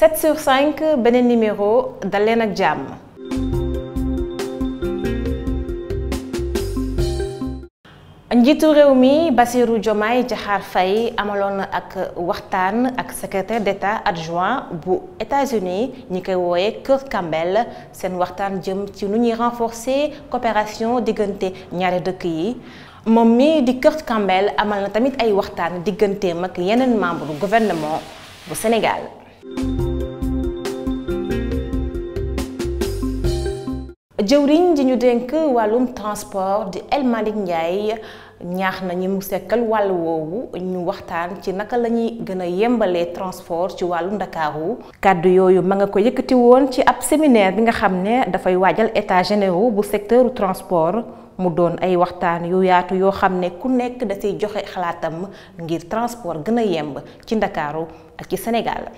7 sur 5 beneen numéro dal ak jàmm. njiitu réew mi Bassirou Diomaye Diakhar Faye amaloon na ak waxtaan ak secrétaire d'État adjoint bu États-Unis ñi koy wooye Kurt Campbell seen waxtaan jëm ci nu ñuy coopération diggante ñaari dëkk yi moom mi di Kurt Campbell amal na tamit ay waxtaan digganteem ak yeneen membre gouvernement bu senegal jëwriñ ji ñu dénk wàllum transport di El Malick ñaax na mu sekkal wàll woowu ñu waxtaan ci naka lañuy ñuy gën a yembalee transport ci wàllu Ndakaaru kàddu yooyu ma nga ko yëkkati woon ci ab séminaire bi nga xam ne dafay waajal état généraux bu secteur transport mu doon ay waxtaan yu yaatu yoo xam ne ku nekk da ciy joxe xalaatam ngir transport gëna a yemb ci Ndakaaru ak ci Sénégal.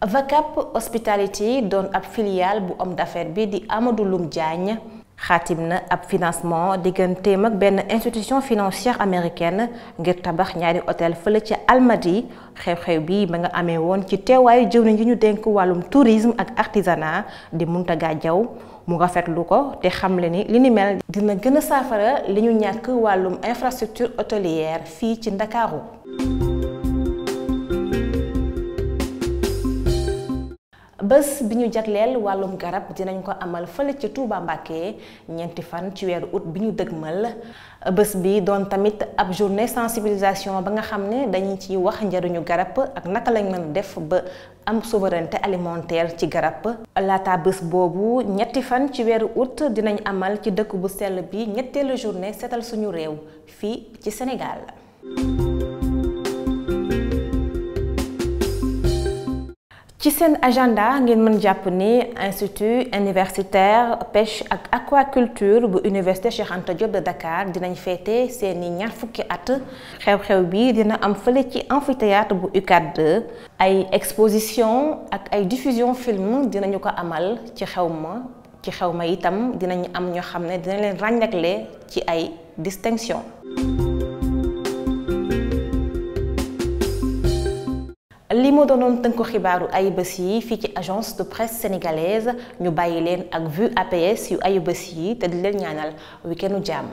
Vacap Hospitality doon ab filiale bu homme d'affaires bi di Amadou Loum Diagne xaatim na ab financement digganteem ak benn institution financière américaine ngir tabax ñaari hôtel fële ci Almadi xew-xew bi ba nga amee woon ci teewaayu jëwriñ ji ñu dénk wàllum tourisme ak artisanat di Mountaga Diaw mu rafetlu ko te xamle ni li ni mel dina gën a saafara li ñu ñàkk wàllum infrastructure hôtelière fii ci Ndakaaru bés bi ñu jagleel wàllum garab dinañ ko amal fële ca Touba Mbacké ñeenti fan ci weeru août bi ñu dëgmal bés bi doon tamit ab journée sensibilisation ba nga xam ne dañu ciy wax njariñu garab ak naka lañ mën a def ba am souveraineté alimentaire ci garab laata bés boobu ñetti fan ci weeru août dinañ amal ci dëkk bu sell bi ñetteelu journée setal suñu réew fii ci Sénégal. ci seen agenda ngeen mën jàpp ni institut universitaire pêche ak aquaculture bu université Cheikh Anta Diop de Dakar dinañ féete seeni ñaar fukki at xew-xew bi dina am fële ci amphithéâtre bu UCAD 2 ay exposition ak ay diffusion film dinañu ko amal ci xew ma ci xew ma itam dinañu am ñoo xam ne dina leen ràññakle ci ay distinction li moo doonoon tënku xibaaru ayubés yi fii ci agence de presse sénégalaise ñu bàyyi leen ak vue APS yu ayubés yi te di leen ñaanal weekendu jàmm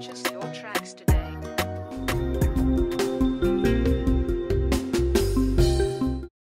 purchase your tracks today.